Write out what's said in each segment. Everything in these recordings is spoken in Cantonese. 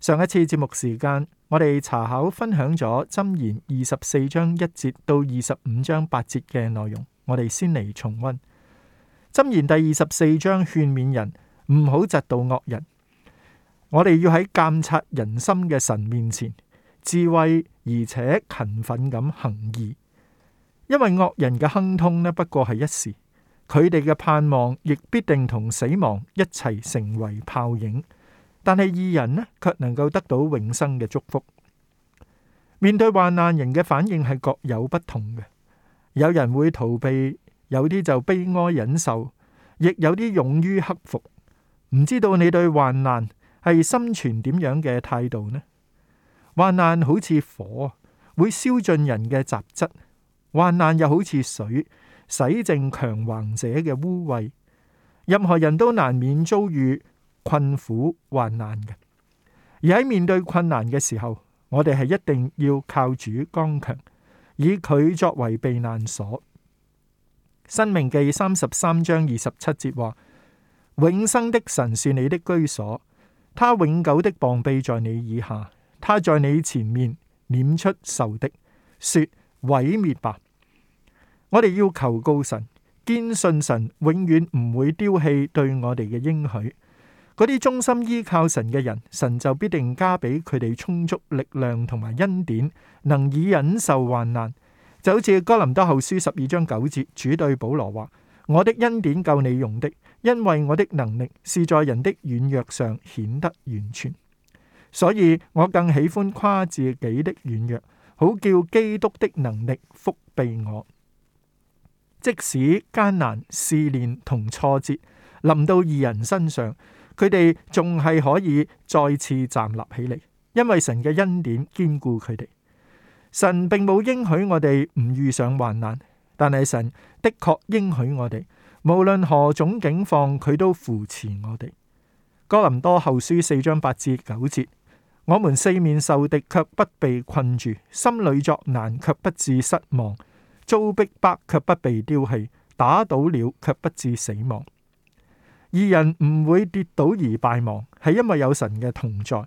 上一次節目時間，我哋查考分享咗《箴言》二十四章一節到二十五章八節嘅內容，我哋先嚟重温《箴言》第二十四章，勸勉人唔好嫉妒惡人。我哋要喺監察人心嘅神面前，智慧而且勤奮咁行義，因為惡人嘅亨通呢，不過係一時，佢哋嘅盼望亦必定同死亡一齊成為泡影。但係二人呢，卻能夠得到永生嘅祝福。面對患難人嘅反應係各有不同嘅，有人會逃避，有啲就悲哀忍受，亦有啲勇於克服。唔知道你對患難係心存點樣嘅態度呢？患難好似火，會燒盡人嘅雜質；患難又好似水，洗淨強橫者嘅污穢。任何人都難免遭遇。.困苦患難嘅，而喺面對困難嘅時候，我哋係一定要靠主剛強，以佢作為避難所。申命記三十三章二十七節話：永生的神是你的居所，他永久的膀臂在你以下，他在你前面攆出仇敵，說毀滅吧。我哋要求告神，堅信神永遠唔會丟棄對我哋嘅應許。嗰啲忠心依靠神嘅人，神就必定加俾佢哋充足力量同埋恩典，能以忍受患難。就好似哥林多後書十二章九節，主對保羅話：我的恩典夠你用的，因為我的能力是在人的軟弱上顯得完全。所以我更喜歡誇自己的軟弱，好叫基督的能力覆庇我。即使艱難試煉同挫折臨到二人身上。佢哋仲係可以再次站立起嚟，因為神嘅恩典堅固佢哋。神並冇應許我哋唔遇上患難，但係神的確應許我哋，無論何種境況，佢都扶持我哋。哥林多後書四章八至九節：我們四面受敵，卻不被困住；心裏作難，卻不致失望；遭逼迫，卻不被丟棄；打倒了，卻不致死亡。二人唔會跌倒而敗亡，係因為有神嘅同在。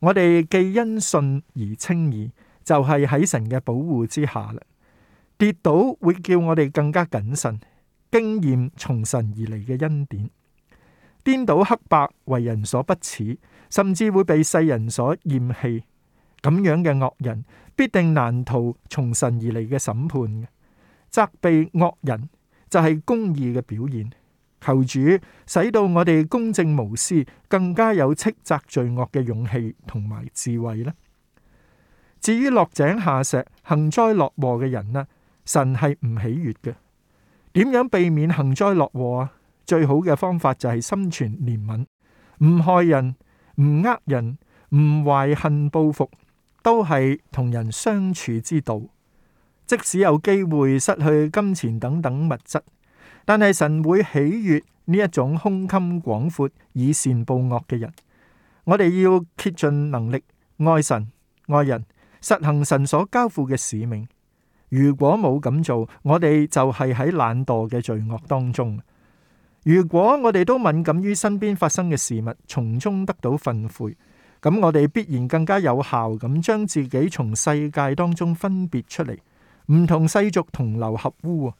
我哋既因信而稱義，就係喺神嘅保護之下啦。跌倒會叫我哋更加謹慎，經驗從神而嚟嘅恩典。顛倒黑白為人所不齒，甚至會被世人所厭棄。咁樣嘅惡人必定難逃從神而嚟嘅審判嘅。責備惡人就係公義嘅表現。求主使到我哋公正無私，更加有斥責罪惡嘅勇氣同埋智慧咧。至於落井下石、幸災樂禍嘅人呢，神係唔喜悅嘅。點樣避免幸災樂禍啊？最好嘅方法就係心存憐憫，唔害人、唔呃人、唔懷恨報復，都係同人相處之道。即使有機會失去金錢等等物質。但係神會喜悅呢一種胸襟廣闊以善報惡嘅人。我哋要竭盡能力愛神愛人，實行神所交付嘅使命。如果冇咁做，我哋就係喺懶惰嘅罪惡當中。如果我哋都敏感於身邊發生嘅事物，從中得到訓誨，咁我哋必然更加有效咁將自己從世界當中分別出嚟，唔同世俗同流合污啊！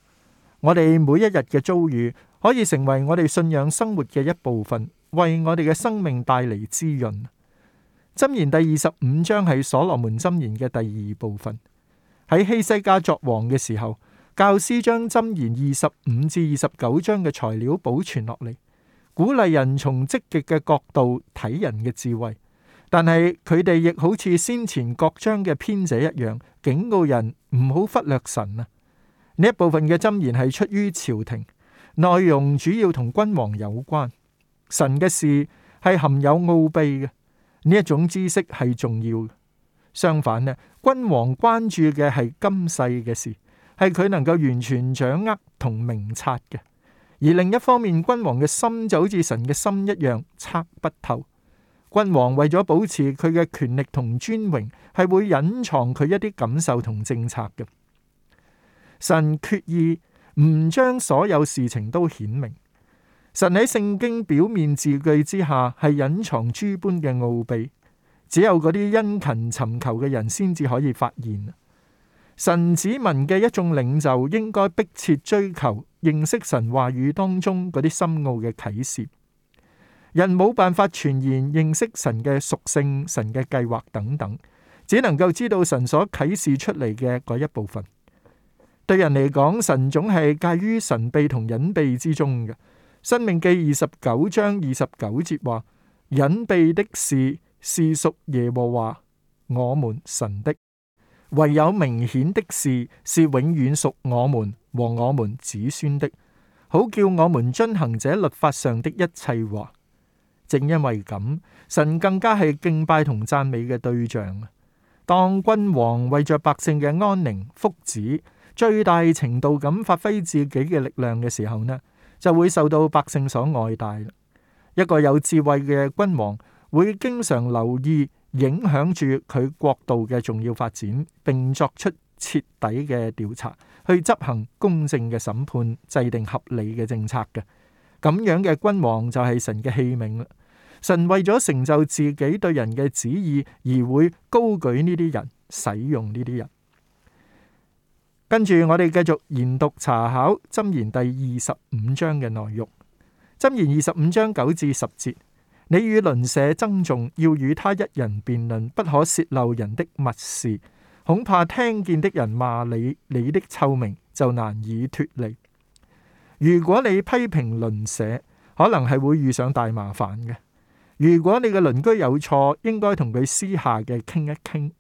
我哋每一日嘅遭遇，可以成為我哋信仰生活嘅一部分，為我哋嘅生命帶嚟滋潤。箴言第二十五章係所羅門箴言嘅第二部分。喺希西家作王嘅時候，教師將箴言二十五至二十九章嘅材料保存落嚟，鼓勵人從積極嘅角度睇人嘅智慧。但係佢哋亦好似先前各章嘅編者一樣，警告人唔好忽略神啊。呢一部分嘅箴言係出於朝廷，內容主要同君王有關。神嘅事係含有奧秘嘅，呢一種知識係重要嘅。相反呢，君王關注嘅係今世嘅事，係佢能夠完全掌握同明察嘅。而另一方面，君王嘅心就好似神嘅心一樣，測不透。君王為咗保持佢嘅權力同尊榮，係會隱藏佢一啲感受同政策嘅。神決意唔將所有事情都顯明，神喺聖經表面字句之下係隱藏諸般嘅奧秘，只有嗰啲殷勤尋求嘅人先至可以發現。神子民嘅一眾領袖應該迫切追求認識神話語當中嗰啲深奧嘅啟示。人冇辦法全然認識神嘅屬性、神嘅計劃等等，只能夠知道神所啟示出嚟嘅嗰一部分。對人嚟講，神總係介於神秘同隱秘之中嘅。申命記二十九章二十九節話：隱秘的事是，是屬耶和華我們神的；唯有明顯的事是，是永遠屬我們和我們子孫的，好叫我們遵行這律法上的一切話。正因為咁，神更加係敬拜同讚美嘅對象。當君王為着百姓嘅安寧、福祉。最大程度咁發揮自己嘅力量嘅時候呢，就會受到百姓所愛戴啦。一個有智慧嘅君王會經常留意影響住佢國度嘅重要發展，並作出徹底嘅調查，去執行公正嘅審判，制定合理嘅政策嘅。咁樣嘅君王就係神嘅器皿啦。神為咗成就自己對人嘅旨意，而會高舉呢啲人，使用呢啲人。跟住我哋繼續研讀查考《箴言》第二十五章嘅內容，《箴言》二十五章九至十節：，你與鄰舍爭訟，要與他一人辯論，不可泄漏人的密事，恐怕聽見的人罵你，你的臭名就難以脱離。如果你批評鄰舍，可能係會遇上大麻煩嘅。如果你嘅鄰居有錯，應該同佢私下嘅傾一傾。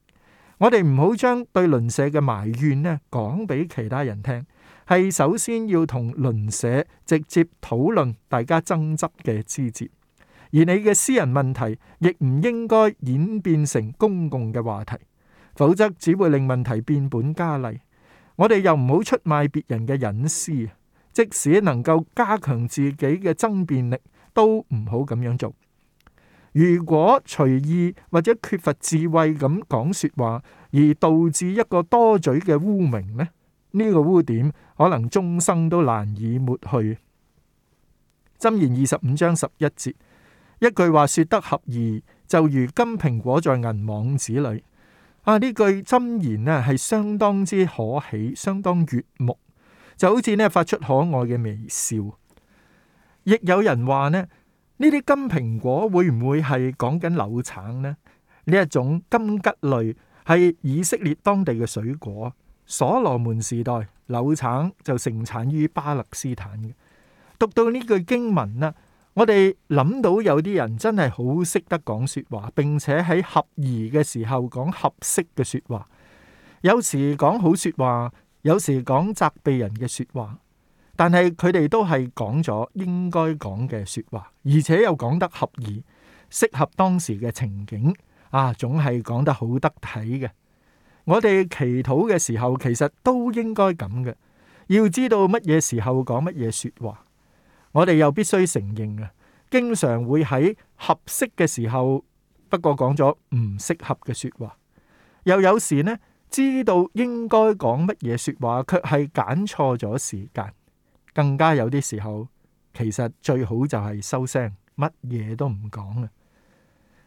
我哋唔好將對鄰舍嘅埋怨呢講俾其他人聽，係首先要同鄰舍直接討論大家爭執嘅枝節，而你嘅私人問題亦唔應該演變成公共嘅話題，否則只會令問題變本加厲。我哋又唔好出賣別人嘅隱私，即使能夠加強自己嘅爭辯力，都唔好咁樣做。如果隨意或者缺乏智慧咁講説話，而導致一個多嘴嘅污名呢，呢個污點可能終生都難以抹去。箴言二十五章十一節，一句話説得合宜，就如金蘋果在銀網子裏。啊，呢句箴言咧係相當之可喜，相當悅目，就好似呢發出可愛嘅微笑。亦有人話呢。」呢啲金蘋果會唔會係講緊柳橙呢？呢一種金桔類係以色列當地嘅水果。所羅門時代柳橙就盛產於巴勒斯坦嘅。讀到呢句經文啦，我哋諗到有啲人真係好識得講説話，並且喺合宜嘅時候講合適嘅説話。有時講好説話，有時講責備人嘅説話。但係佢哋都係講咗應該講嘅說話，而且又講得合宜，適合當時嘅情景啊，總係講得好得體嘅。我哋祈禱嘅時候，其實都應該咁嘅。要知道乜嘢時候講乜嘢說話，我哋又必須承認啊，經常會喺合適嘅時候，不過講咗唔適合嘅說話，又有時呢，知道應該講乜嘢說話，卻係揀錯咗時間。更加有啲時候，其實最好就係收聲，乜嘢都唔講啊。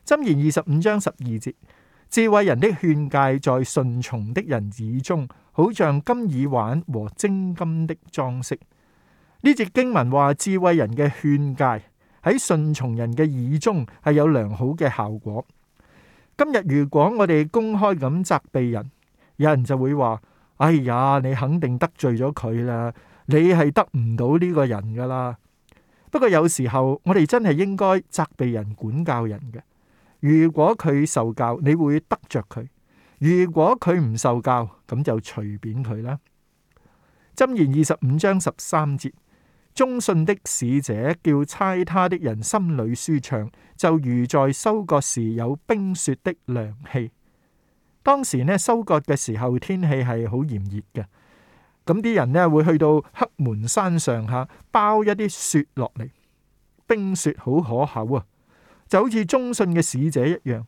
箴言二十五章十二節，智慧人的勸誡在順從的人耳中，好像金耳環和精金的裝飾。呢節經文話，智慧人嘅勸誡喺順從人嘅耳中係有良好嘅效果。今日如果我哋公開咁責備人，有人就會話：哎呀，你肯定得罪咗佢啦。你係得唔到呢個人噶啦，不過有時候我哋真係應該責備人管教人嘅。如果佢受教，你會得着佢；如果佢唔受教，咁就隨便佢啦。箴言二十五章十三節，忠信的使者叫差他的人心裏舒暢，就如在收割時有冰雪的涼氣。當時呢，收割嘅時候，天氣係好炎熱嘅。咁啲人呢會去到黑門山上下，包一啲雪落嚟，冰雪好可口啊！就好似忠信嘅使者一樣，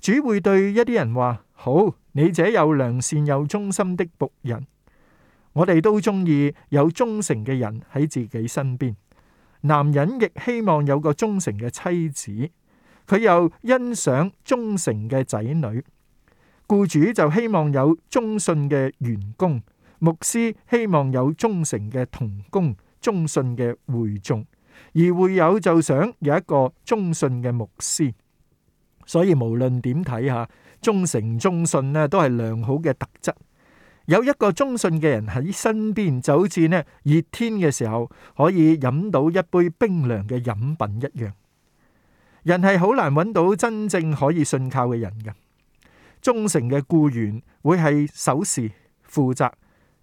主會對一啲人話：好，你這有良善又忠心的僕人，我哋都中意有忠誠嘅人喺自己身邊。男人亦希望有個忠誠嘅妻子，佢又欣賞忠誠嘅仔女。雇主就希望有忠信嘅員工。牧師希望有忠誠嘅同工、忠信嘅會眾，而會友就想有一個忠信嘅牧師。所以無論點睇吓，忠誠、忠信咧都係良好嘅特質。有一個忠信嘅人喺身邊，就好似咧熱天嘅時候可以飲到一杯冰涼嘅飲品一樣。人係好難揾到真正可以信靠嘅人嘅，忠誠嘅雇員會係守時負責。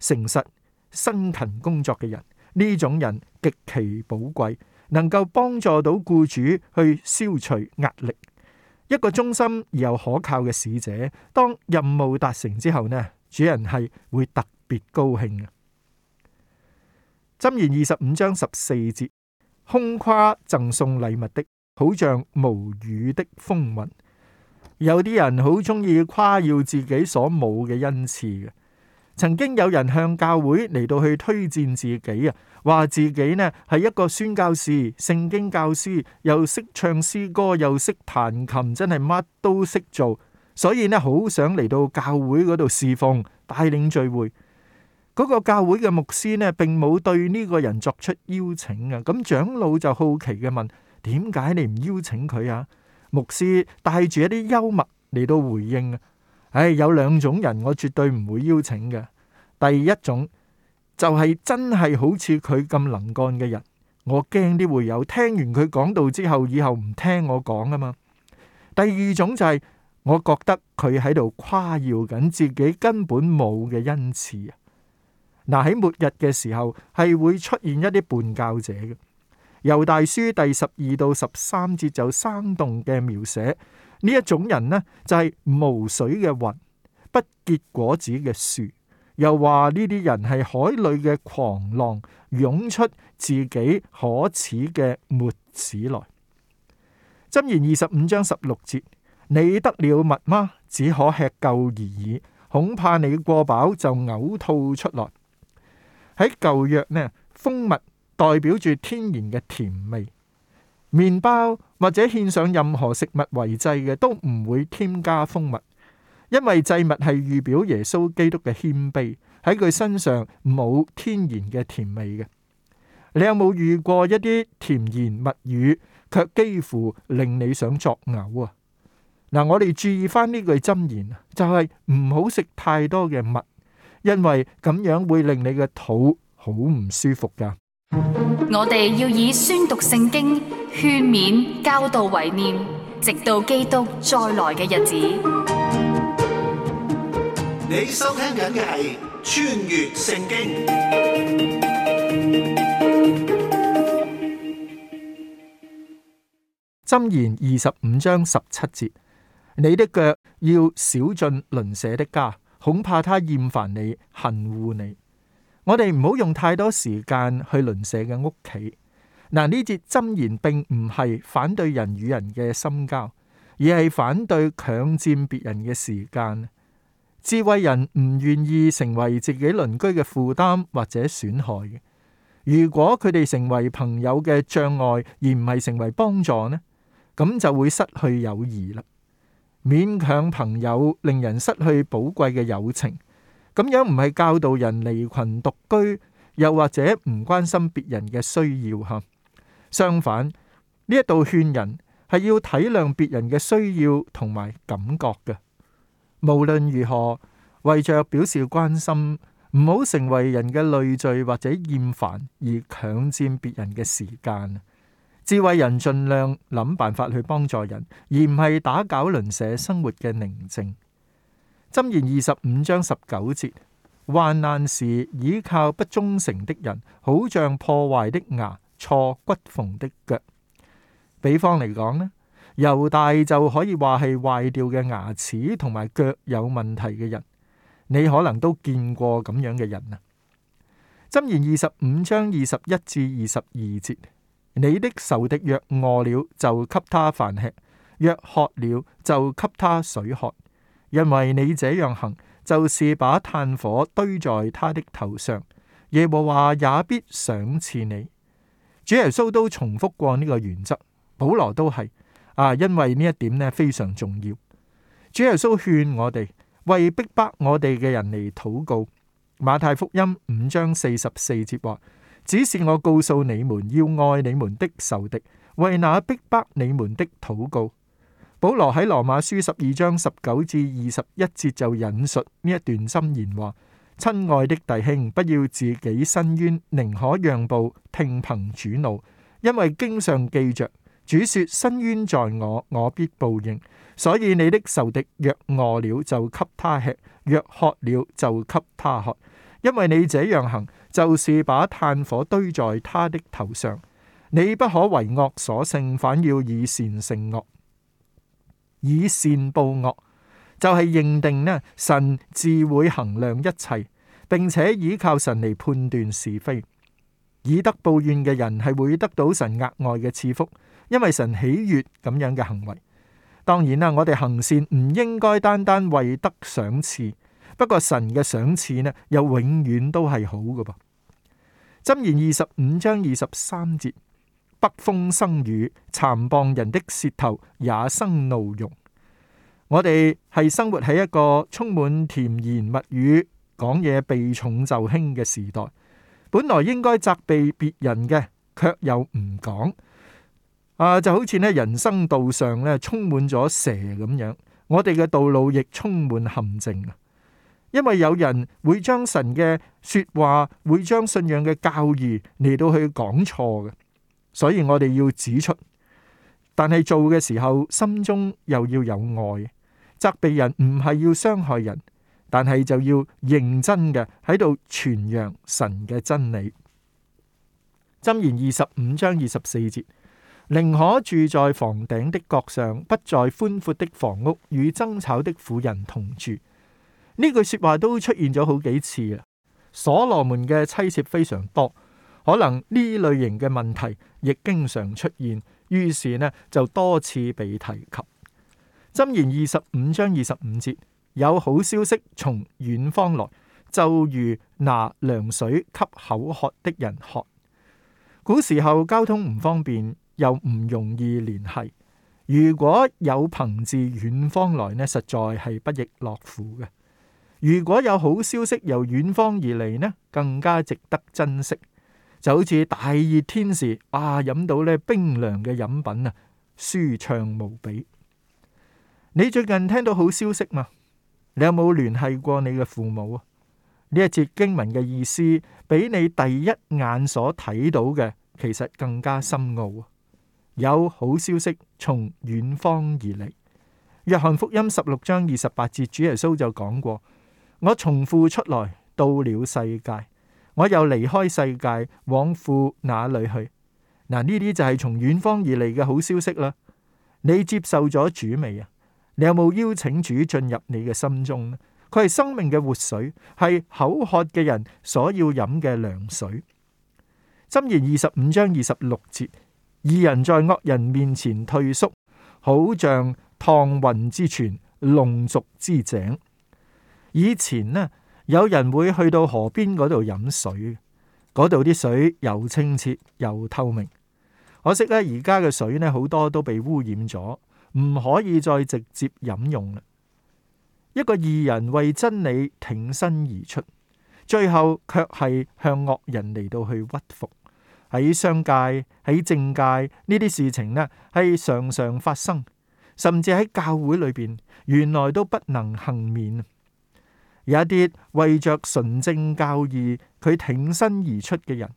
誠實、辛勤工作嘅人，呢種人極其寶貴，能夠幫助到雇主去消除壓力。一個忠心而又可靠嘅使者，當任務達成之後呢，主人係會特別高興嘅。箴言二十五章十四節：空誇贈送禮物的，好像無雨的風雲。有啲人好中意誇耀自己所冇嘅恩賜嘅。曾經有人向教會嚟到去推薦自己啊，話自己呢係一個宣教士、聖經教師，又識唱詩歌，又識彈琴，真係乜都識做，所以呢好想嚟到教會嗰度侍奉、帶領聚會。嗰個教會嘅牧師呢，並冇對呢個人作出邀請啊。咁長老就好奇嘅問：點解你唔邀請佢啊？牧師帶住一啲幽默嚟到回應啊。唉、哎，有兩種人我絕對唔會邀請嘅。第一種就係、是、真係好似佢咁能幹嘅人，我驚啲會有聽完佢講道之後，以後唔聽我講啊嘛。第二種就係、是、我覺得佢喺度誇耀緊自己根本冇嘅恩賜啊。嗱，喺末日嘅時候係會出現一啲叛教者嘅。猶大書第十二到十三節就生動嘅描寫。呢一種人呢，就係、是、無水嘅雲，不結果子嘅樹。又話呢啲人係海裡嘅狂浪，湧出自己可恥嘅沫子來。箴言二十五章十六節：你得了蜜嗎？只可吃夠而已，恐怕你過飽就嘔吐出來。喺舊約呢，蜂蜜代表住天然嘅甜味。麵包或者獻上任何食物為祭嘅，都唔會添加蜂蜜，因為祭物係預表耶穌基督嘅謙卑，喺佢身上冇天然嘅甜味嘅。你有冇遇過一啲甜言蜜語，卻幾乎令你想作嘔啊？嗱，我哋注意翻呢句箴言啊，就係唔好食太多嘅蜜，因為咁樣會令你嘅肚好唔舒服噶。我哋要以宣讀聖經、勸勉、教導為念，直到基督再來嘅日子。你收聽緊嘅係穿越聖經箴言二十五章十七節，你的腳要少進鄰舍的家，恐怕他厭煩你、恨惡你。我哋唔好用太多時間去鄰舍嘅屋企。嗱，呢節箴言並唔係反對人與人嘅深交，而係反對強佔別人嘅時間。智慧人唔願意成為自己鄰居嘅負擔或者損害。如果佢哋成為朋友嘅障礙而唔係成為幫助呢，咁就會失去友誼啦。勉強朋友，令人失去寶貴嘅友情。咁樣唔係教導人離群獨居，又或者唔關心別人嘅需要吓。相反，呢一度勸人係要體諒別人嘅需要同埋感覺嘅。無論如何，為着表示關心，唔好成為人嘅累贅或者厭煩而強占別人嘅時間。智慧人盡量諗辦法去幫助人，而唔係打攪鄰舍生活嘅寧靜。箴言二十五章十九節：患難時倚靠不忠誠的人，好像破壞的牙、錯骨縫的腳。比方嚟講呢，猶大就可以話係壞掉嘅牙齒同埋腳有問題嘅人，你可能都見過咁樣嘅人啊。箴言二十五章二十一至二十二節：你的仇敵若餓了，就給他飯吃；若渴了，就給他水喝。因為你這樣行，就是把炭火堆在他的頭上，耶和華也必賞賜你。主耶穌都重複過呢個原則，保羅都係啊，因為呢一點呢非常重要。主耶穌勸我哋為逼迫我哋嘅人嚟禱告。馬太福音五章四十四節話：只是我告訴你們，要愛你們的仇敵，為那逼迫你們的禱告。保羅喺羅馬書十二章十九至二十一節就引述呢一段箴言話：親愛的弟兄，不要自己申冤，寧可讓步，聽憑主怒，因為經上記着主說：申冤在我，我必報應。所以你的仇敵若餓了，就給他吃；若渴了，就給他喝。因為你這樣行，就是把炭火堆在他的頭上。你不可為惡所勝，反要以善勝惡。以善報惡，就係、是、認定呢，神自會衡量一切，並且依靠神嚟判斷是非。以德報怨嘅人係會得到神額外嘅賜福，因為神喜悅咁樣嘅行為。當然啦，我哋行善唔應該單單為得賞賜，不過神嘅賞賜呢，又永遠都係好㗎噃。箴言二十五章二十三節。北風生雨，讒謗人的舌頭也生怒容。我哋係生活喺一個充滿甜言蜜語、講嘢避重就輕嘅時代。本來應該責備別人嘅，卻又唔講啊，就好似咧人生道上咧充滿咗蛇咁樣。我哋嘅道路亦充滿陷阱啊，因為有人會將神嘅說話，會將信仰嘅教義嚟到去講錯嘅。所以我哋要指出，但係做嘅時候心中又要有愛，責備人唔係要傷害人，但係就要認真嘅喺度傳揚神嘅真理。箴言二十五章二十四節，寧可住在房頂的角上，不在寬闊的房屋與爭吵的婦人同住。呢句說話都出現咗好幾次，所羅門嘅妻妾非常多。可能呢類型嘅問題亦經常出現，於是呢，就多次被提及。箴言二十五章二十五節，有好消息從遠方來，就如拿涼水給口渴的人喝。古時候交通唔方便，又唔容易聯繫，如果有朋自遠方來呢，實在係不亦樂乎嘅。如果有好消息由遠方而嚟呢，更加值得珍惜。就好似大熱天時，哇！飲到咧冰涼嘅飲品啊，舒暢無比。你最近聽到好消息嗎？你有冇聯繫過你嘅父母啊？呢一節經文嘅意思，比你第一眼所睇到嘅，其實更加深奧啊！有好消息從遠方而嚟。約翰福音十六章二十八節，主耶穌就講過：我從父出來，到了世界。我又離開世界，往父那裏去。嗱，呢啲就係從遠方而嚟嘅好消息啦。你接受咗主未啊？你有冇邀請主進入你嘅心中呢？佢係生命嘅活水，係口渴嘅人所要飲嘅涼水。箴言二十五章二十六節，義人在惡人面前退縮，好像燙云之泉、龍族之井。以前呢，有人會去到河邊嗰度飲水，嗰度啲水又清澈又透明。可惜咧，而家嘅水呢，好多都被污染咗，唔可以再直接飲用啦。一個義人為真理挺身而出，最後卻係向惡人嚟，到去屈服。喺商界、喺政界，呢啲事情呢係常常發生，甚至喺教會裏邊，原來都不能幸免。有一啲為着純正教義，佢挺身而出嘅人，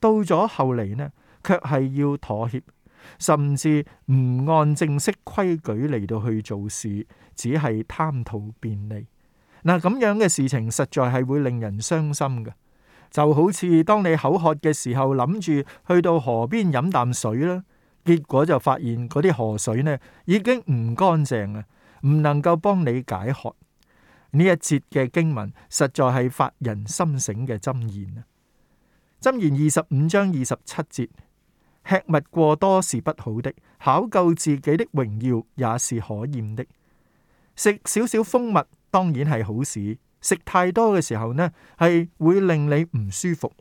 到咗後嚟呢，卻係要妥協，甚至唔按正式規矩嚟到去做事，只係貪圖便利。嗱，咁樣嘅事情實在係會令人傷心嘅。就好似當你口渴嘅時候諗住去到河邊飲啖水啦，結果就發現嗰啲河水呢已經唔乾淨啦，唔能夠幫你解渴。呢一節嘅經文實在係發人心醒嘅箴言啊！箴言二十五章二十七節，吃物過多是不好的，考究自己的榮耀也是可厭的。食少少蜂蜜當然係好事，食太多嘅時候呢，係會令你唔舒服。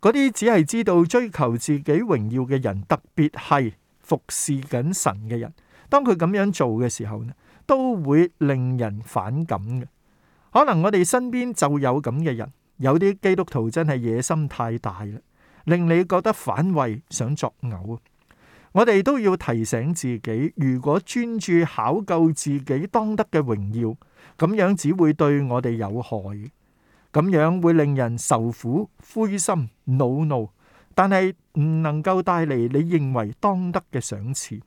嗰啲只係知道追求自己榮耀嘅人，特別係服侍緊神嘅人，當佢咁樣做嘅時候呢，都會令人反感嘅，可能我哋身邊就有咁嘅人，有啲基督徒真係野心太大啦，令你覺得反胃、想作嘔。我哋都要提醒自己，如果專注考究自己當得嘅榮耀，咁樣只會對我哋有害，咁樣會令人受苦、灰心、惱怒，但係唔能夠帶嚟你認為當得嘅賞賜，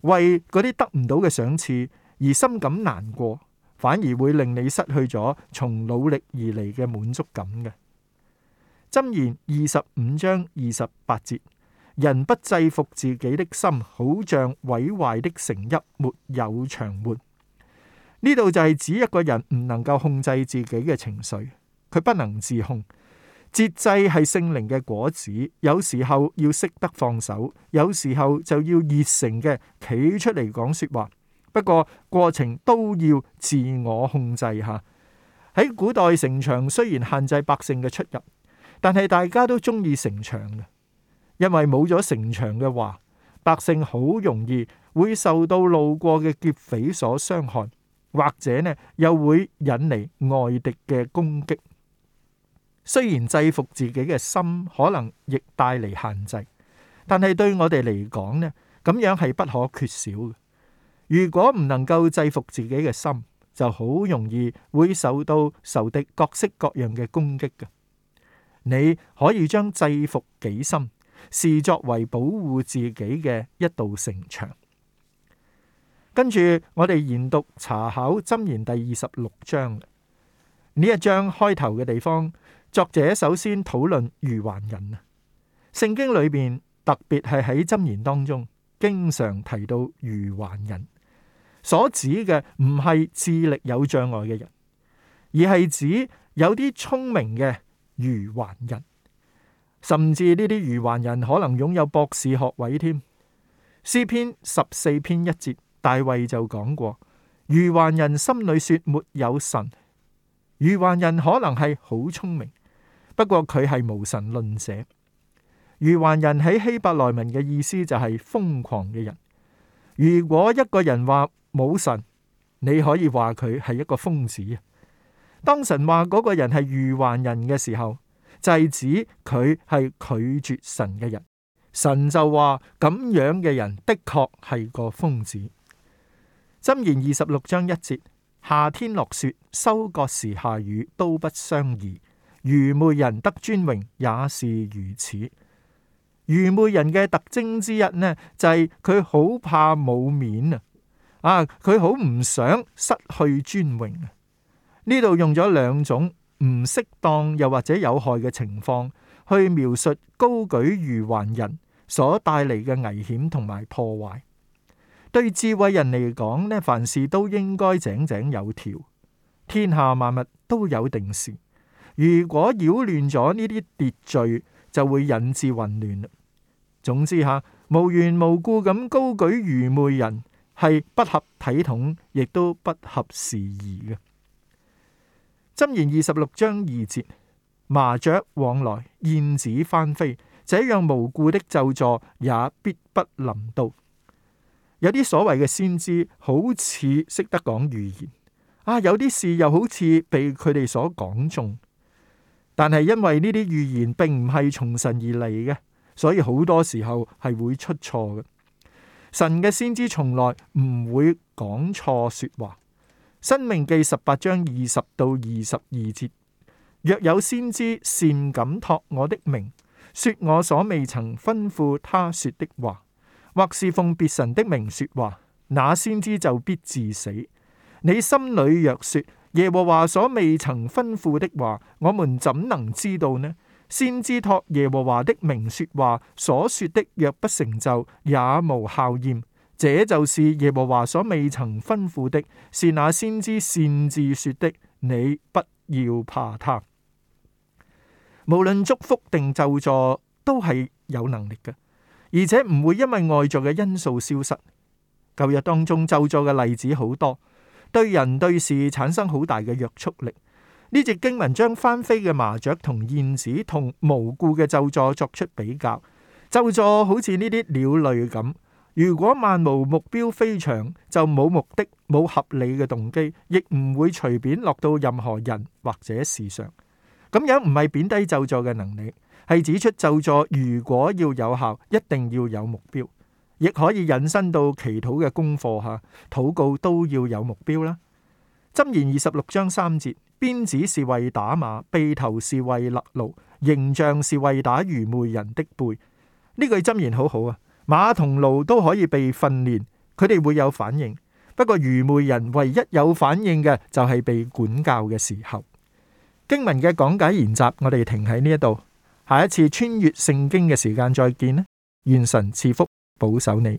為嗰啲得唔到嘅賞賜，而深感難過，反而會令你失去咗從努力而嚟嘅滿足感嘅。箴言二十五章二十八節：人不制伏自己的心，好像毀壞的城邑，沒有牆垣。呢度就係指一個人唔能夠控制自己嘅情緒，佢不能自控。節制係聖靈嘅果子，有時候要識得放手，有時候就要熱誠嘅企出嚟講說話。不過過程都要自我控制吓。喺古代城牆雖然限制百姓嘅出入，但係大家都中意城牆嘅，因為冇咗城牆嘅話，百姓好容易會受到路過嘅劫匪所傷害，或者呢又會引嚟外敵嘅攻擊。雖然制服自己嘅心可能亦帶嚟限制，但係對我哋嚟講呢，咁樣係不可缺少嘅。如果唔能夠制服自己嘅心，就好容易會受到仇敵各式各樣嘅攻擊嘅。你可以將制服己心視作為保護自己嘅一道城牆。跟住我哋研讀查考箴言第二十六章。呢一章開頭嘅地方，作者首先討論愚頑人啊。聖經裏邊特別係喺箴言當中，經常提到愚頑人。所指嘅唔係智力有障礙嘅人，而係指有啲聰明嘅愚昧人，甚至呢啲愚昧人可能擁有博士學位添。詩篇十四篇一節，大衛就講過：愚昧人心裏說沒有神。愚昧人可能係好聰明，不過佢係無神論者。愚昧人喺希伯來文嘅意思就係瘋狂嘅人。如果一個人話，冇神，你可以話佢係一個瘋子。當神話嗰個人係愚頑人嘅時候，就係指佢係拒絕神嘅人。神就話咁樣嘅人的確係個瘋子。《箴言》二十六章一節：夏天落雪，收割時下雨，都不相宜。愚昧人得尊榮，也是如此。愚昧人嘅特徵之一呢，就係佢好怕冇面啊。啊！佢好唔想失去尊榮。呢度用咗兩種唔適當又或者有害嘅情況，去描述高舉愚頑人所帶嚟嘅危險同埋破壞。對智慧人嚟講咧，凡事都應該井井有條，天下萬物都有定時。如果擾亂咗呢啲秩序，就會引致混亂啦。總之吓，無緣無故咁高舉愚昧人。係不合體統，亦都不合時宜嘅。箴言二十六章二節：麻雀往來，燕子翻飛，這樣無故的咒詛也必不臨到。有啲所謂嘅先知，好似識得講預言，啊，有啲事又好似被佢哋所講中，但係因為呢啲預言並唔係從神而嚟嘅，所以好多時候係會出錯嘅。神嘅先知從來唔會講錯說話。申命記十八章二十到二十二節：若有先知擅敢託我的名，說我所未曾吩咐他說的話，或是奉別神的名說話，那先知就必治死。你心裏若說耶和華所未曾吩咐的話，我們怎能知道呢？先知託耶和華的名說話，所說的若不成就，也無效驗。這就是耶和華所未曾吩咐的，是那，啊、先知擅自說的。你不要怕他。無論祝福定咒詛，都係有能力嘅，而且唔會因為外在嘅因素消失。舊約當中咒詛嘅例子好多，對人對事產生好大嘅約束力。呢隻經文將翻飛嘅麻雀同燕子同無故嘅咒詛作出比較，咒詛好似呢啲鳥類咁，如果漫無目標飛翔，就冇目的冇合理嘅動機，亦唔會隨便落到任何人或者事上。咁樣唔係貶低咒詛嘅能力，係指出咒詛如果要有效，一定要有目標，亦可以引申到祈禱嘅功課吓，禱告都要有目標啦。箴言二十六章三節。鞭子是為打馬，轡頭是為勒驢，刑杖是為打愚昧人的背。呢句箴言好好啊！馬同驢都可以被訓練，佢哋會有反應。不過愚昧人唯一有反應嘅就係被管教嘅時候。經文嘅講解研習，我哋停喺呢一度，下一次穿越聖經嘅時間再見啦。願神賜福保守你。